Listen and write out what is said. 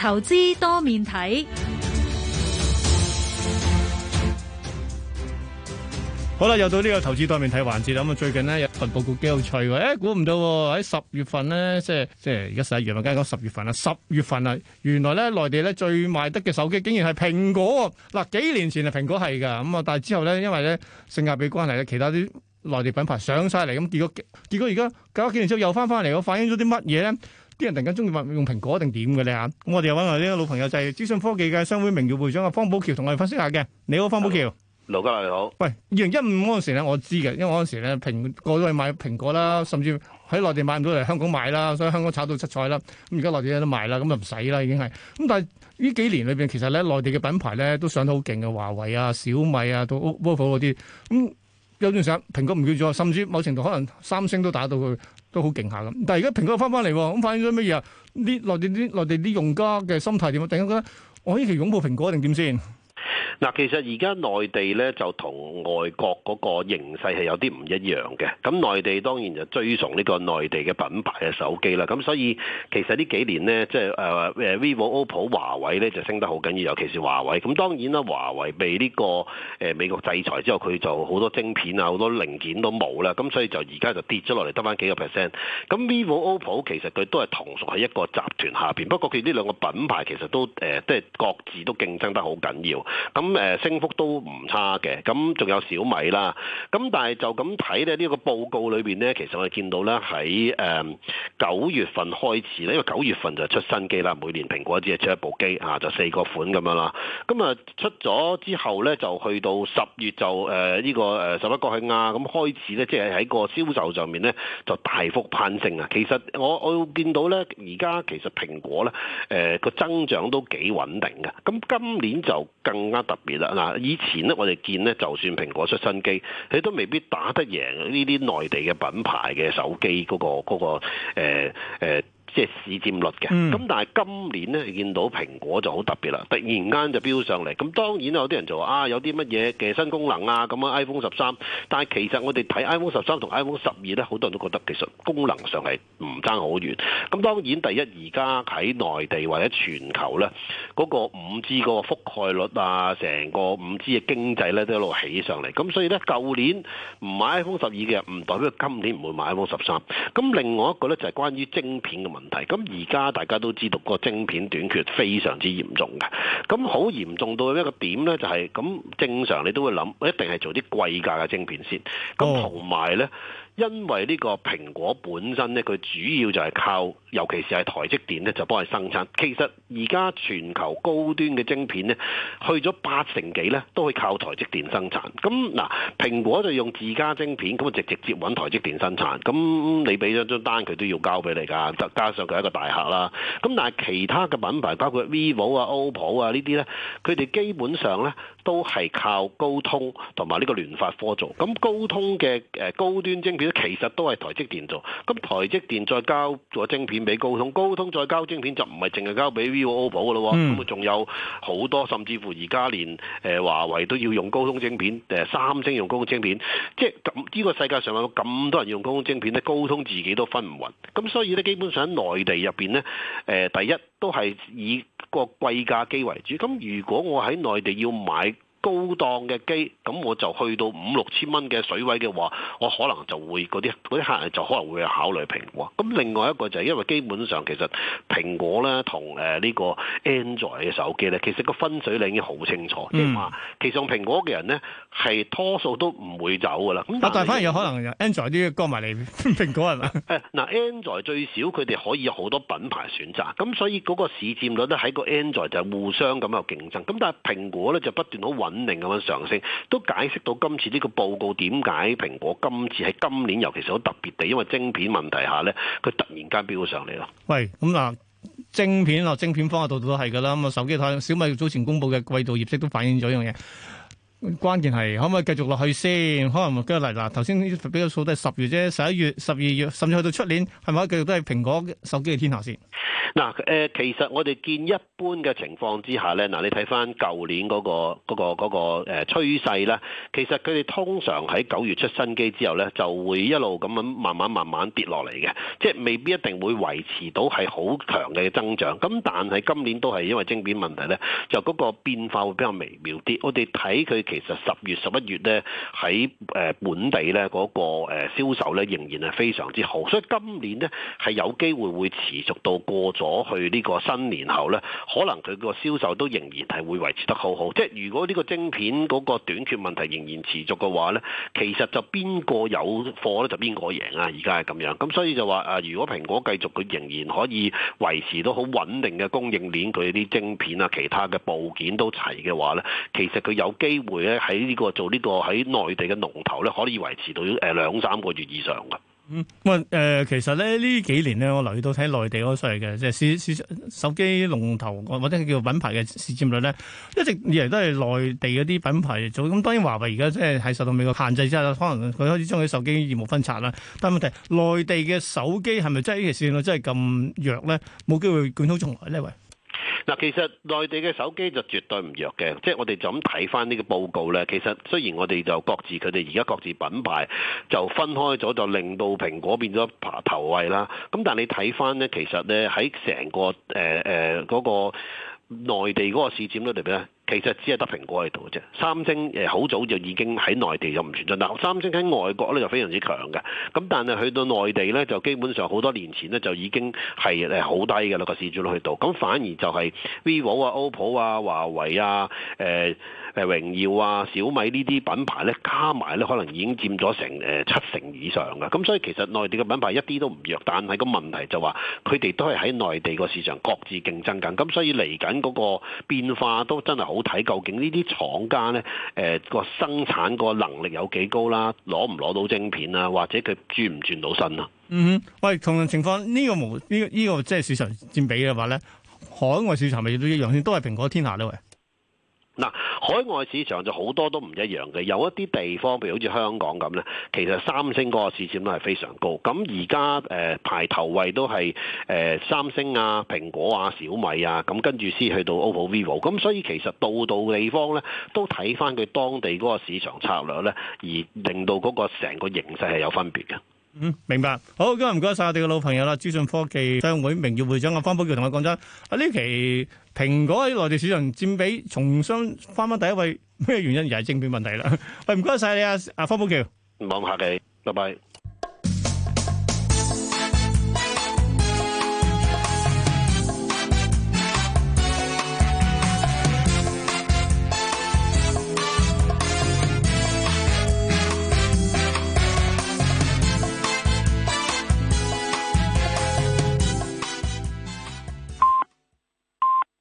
投資多面睇，好啦，又到呢個投資多面睇環節啦。咁啊，最近咧有份報告幾有趣喎。欸，估唔到喎、啊，喺十月份咧，即係即係而家十一月份，梗係講十月份啦，十月份啊，原來咧內地咧最賣得嘅手機，竟然係蘋果。嗱，幾年前啊蘋果係㗎，咁啊，但係之後咧，因為咧性價比關係咧，其他啲內地品牌上晒嚟，咁結果結果而家搞咗幾年之後又翻翻嚟，反映咗啲乜嘢咧？啲人突然間中意用蘋果定點嘅咧吓，咁我哋又揾我呢個老朋友就係資訊科技嘅商會名譽會長阿方保僑同我哋分析下嘅。你好，方保僑，盧家你好。喂，二零一五嗰陣時咧，我知嘅，因為嗰陣時咧蘋過咗去買蘋果啦，甚至喺內地買唔到嚟香港買啦，所以香港炒到七彩啦。咁而家內地有得賣啦，咁就唔使啦，已經係。咁但係呢幾年裏邊，其實咧內地嘅品牌咧都上得好勁嘅，華為啊、小米啊、到 Oppo 嗰啲。咁有段時間蘋果唔叫咗，甚至某程度可能三星都打到佢。都好勁下咁，但係而家蘋果又返返嚟喎，咁反映咗咩嘢啊？呢內地啲內地啲用家嘅心態點啊？突然間覺得我呢期擁抱蘋果定點先？嗱，其實而家內地咧就同外國嗰個形勢係有啲唔一樣嘅。咁內地當然就追崇呢個內地嘅品牌嘅手機啦。咁所以其實呢幾年咧，即係誒 vivo、OPPO、華為咧就升得好緊要，尤其是華為。咁當然啦，華為被呢個誒、呃、美國制裁之後，佢就好多晶片啊、好多零件都冇啦。咁所以就而家就跌咗落嚟，得返幾個 percent。咁 vivo、OPPO 其實佢都係同屬喺一個集團下邊，不過佢呢兩個品牌其實都誒，即、呃、係各自都競爭得好緊要。咁咁升幅都唔差嘅。咁仲有小米啦。咁但係就咁睇咧，呢個報告裏面咧，其實我見到咧喺誒九月份開始咧，因為九月份就出新機啦。每年蘋果只係出一部機啊，就四個款咁樣啦。咁啊出咗之後咧，就去到十月就誒呢個誒十一國慶啊，咁開始咧，即係喺個銷售上面咧就大幅攀升啊。其實我我見到咧，而家其實蘋果咧誒個增長都幾穩定嘅。咁今年就更加特別啦！嗱，以前咧，我哋見咧，就算蘋果出新機，佢都未必打得贏呢啲內地嘅品牌嘅手機嗰個嗰個、呃呃即係市佔率嘅，咁但係今年咧見到蘋果就好特別啦，突然間就飆上嚟。咁當然有啲人就話啊，有啲乜嘢嘅新功能啊，咁啊 iPhone 十三。但係其實我哋睇 iPhone 十三同 iPhone 十二咧，好多人都覺得其實功能上係唔爭好遠。咁當然第一而家喺內地或者全球咧，嗰個五 G 嗰個覆蓋率啊，成個五 G 嘅經濟咧都一路起上嚟。咁所以咧舊年唔買 iPhone 十二嘅，唔代表今年唔會買 iPhone 十三。咁另外一個咧就係關於晶片嘅問題。問題。咁而家大家都知道個晶片短缺非常之嚴重嘅，咁好嚴重到一個點呢、就是，就係咁，正常你都會諗，一定係做啲貴價嘅晶片先。咁同埋呢，因為呢個蘋果本身呢，佢主要就係靠。尤其是係台積電咧，就幫佢生產，其實而家全球高端嘅晶片咧，去咗八成幾咧，都可以靠台積電生產，咁嗱，蘋果就用自家晶片，咁啊直直接揾台積電生產，咁你俾咗張單佢都要交俾你㗎，再加上佢係一個大客啦。咁但係其他嘅品牌，包括 VIVO 啊、OPPO 啊呢啲咧，佢哋基本上咧都係靠高通同埋呢個聯發科做。咁高通嘅誒高端晶片咧，其實都係台積電做。咁台積電再交咗晶片。俾高通，高通再交晶片就唔係淨係交俾 VIVO、OPPO 嘅咯，咁啊仲有好多，甚至乎而家連誒華為都要用高通晶片，誒三星用高通晶片，即係咁呢個世界上有咁多人用高通晶片咧，高通自己都分唔勻，咁所以咧基本上喺內地入邊咧，誒第一都係以個貴價機為主，咁如果我喺內地要買，高檔嘅機，咁我就去到五六千蚊嘅水位嘅話，我可能就會嗰啲啲客人就可能會考慮蘋果。咁另外一個就係、是、因為基本上其實蘋果咧同呢個 Android 嘅手機咧，其實個分水嶺已經好清楚，即係話、嗯就是、其實用蘋果嘅人咧係多數都唔會走㗎啦。但係反而有可能有 Android 啲過埋嚟蘋果係咪？嗱、啊、Android 最少佢哋可以有好多品牌選擇，咁所以嗰個市佔率咧喺個 Android 就互相咁有競爭。咁但係蘋果咧就不斷好穩定咁樣上升，都解釋到今次呢個報告點解蘋果今次喺今年，尤其是好特別地，因為晶片問題下呢，佢突然間飆咗上嚟啦。喂，咁嗱，晶片啊，晶片方面度度都係噶啦。咁啊，手機睇小米早前公布嘅季度業績都反映咗一樣嘢。關鍵係可唔可以繼續落去先？可能今日嚟嗱，頭先俾個數都係十月啫，十一月、十二月，甚至去到出年，係咪繼續都係蘋果手機嘅天下先？嗱，誒，其實我哋見一般嘅情況之下咧，嗱，你睇翻舊年嗰個、嗰個、嗰個誒趨勢咧，其實佢哋通常喺九月出新機之後咧，就會一路咁樣慢慢、慢慢跌落嚟嘅，即係未必一定會維持到係好強嘅增長。咁但係今年都係因為晶片問題咧，就嗰個變化會比較微妙啲。我哋睇佢。其實十月、十一月咧，喺本地咧，嗰個誒銷售咧，仍然係非常之好，所以今年咧係有機會會持續到過咗去呢個新年後咧，可能佢個銷售都仍然係會維持得好好。即係如果呢個晶片嗰個短缺問題仍然持續嘅話咧，其實就邊個有貨咧就邊個贏啊！而家係咁樣。咁所以就話啊，如果蘋果繼續佢仍然可以維持到好穩定嘅供應鏈，佢啲晶片啊、其他嘅部件都齊嘅話咧，其實佢有機會。喺呢個做呢個喺內地嘅龍頭咧，可以維持到誒兩三個月以上嘅。嗯，喂，誒，其實咧呢幾年咧，我留意到睇內地嗰個勢嘅，即係手手機龍頭或者叫品牌嘅市佔率咧，一直以來都係內地嗰啲品牌做。咁當然華為而家即係係受到美國限制之下，可能佢開始將佢手機業務分拆啦。但問題，內地嘅手機係咪真係呢條線路真係咁弱咧？冇機會捲土重來呢？喂！嗱，其實內地嘅手機就絕對唔弱嘅，即係我哋就咁睇翻呢個報告咧。其實雖然我哋就各自佢哋而家各自品牌就分開咗，就令到蘋果變咗排頭位啦。咁但係你睇翻咧，其實咧喺成個誒誒嗰個內地嗰個市佔度嚟講。其實只係得蘋果喺度啫，三星誒好早就已經喺內地就唔存在喇，三星喺外國咧就非常之強嘅，咁但係去到內地咧就基本上好多年前咧就已經係誒好低㗎喇，個市佔率都去到，咁反而就係 VIVO 啊、OPPO 啊、華為啊誒。誒榮耀啊、小米呢啲品牌咧，加埋咧可能已經佔咗成誒、呃、七成以上㗎，咁所以其實內地嘅品牌一啲都唔弱，但係個問題就話佢哋都係喺內地個市場各自競爭緊，咁所以嚟緊嗰個變化都真係好睇，究竟呢啲廠家咧誒個生產個能力有幾高啦、啊，攞唔攞到晶片啊，或者佢轉唔轉到身啊？嗯，喂，同樣情況呢、呢個冇呢呢個即係市場佔比嘅話咧，海外市場咪都一樣，都係蘋果天下呢喂，嗱。海外市場就好多都唔一樣嘅，有一啲地方譬如好似香港咁咧，其實三星嗰個市佔率係非常高。咁而家呃、排頭位都係、呃、三星啊、蘋果啊、小米啊，咁跟住先去到 Oppo、Vivo。咁所以其實度度地方咧都睇翻佢當地嗰個市場策略咧，而令到嗰個成個形勢係有分別嘅。嗯，明白。好，今日唔該晒我哋嘅老朋友啦，資訊科技商會名譽會長阿方保僑同我講真，呢期蘋果喺內地市場占比重新返返第一位，咩原因？又係政變問題啦。唔該晒你啊，阿方保僑。唔好客氣，拜拜。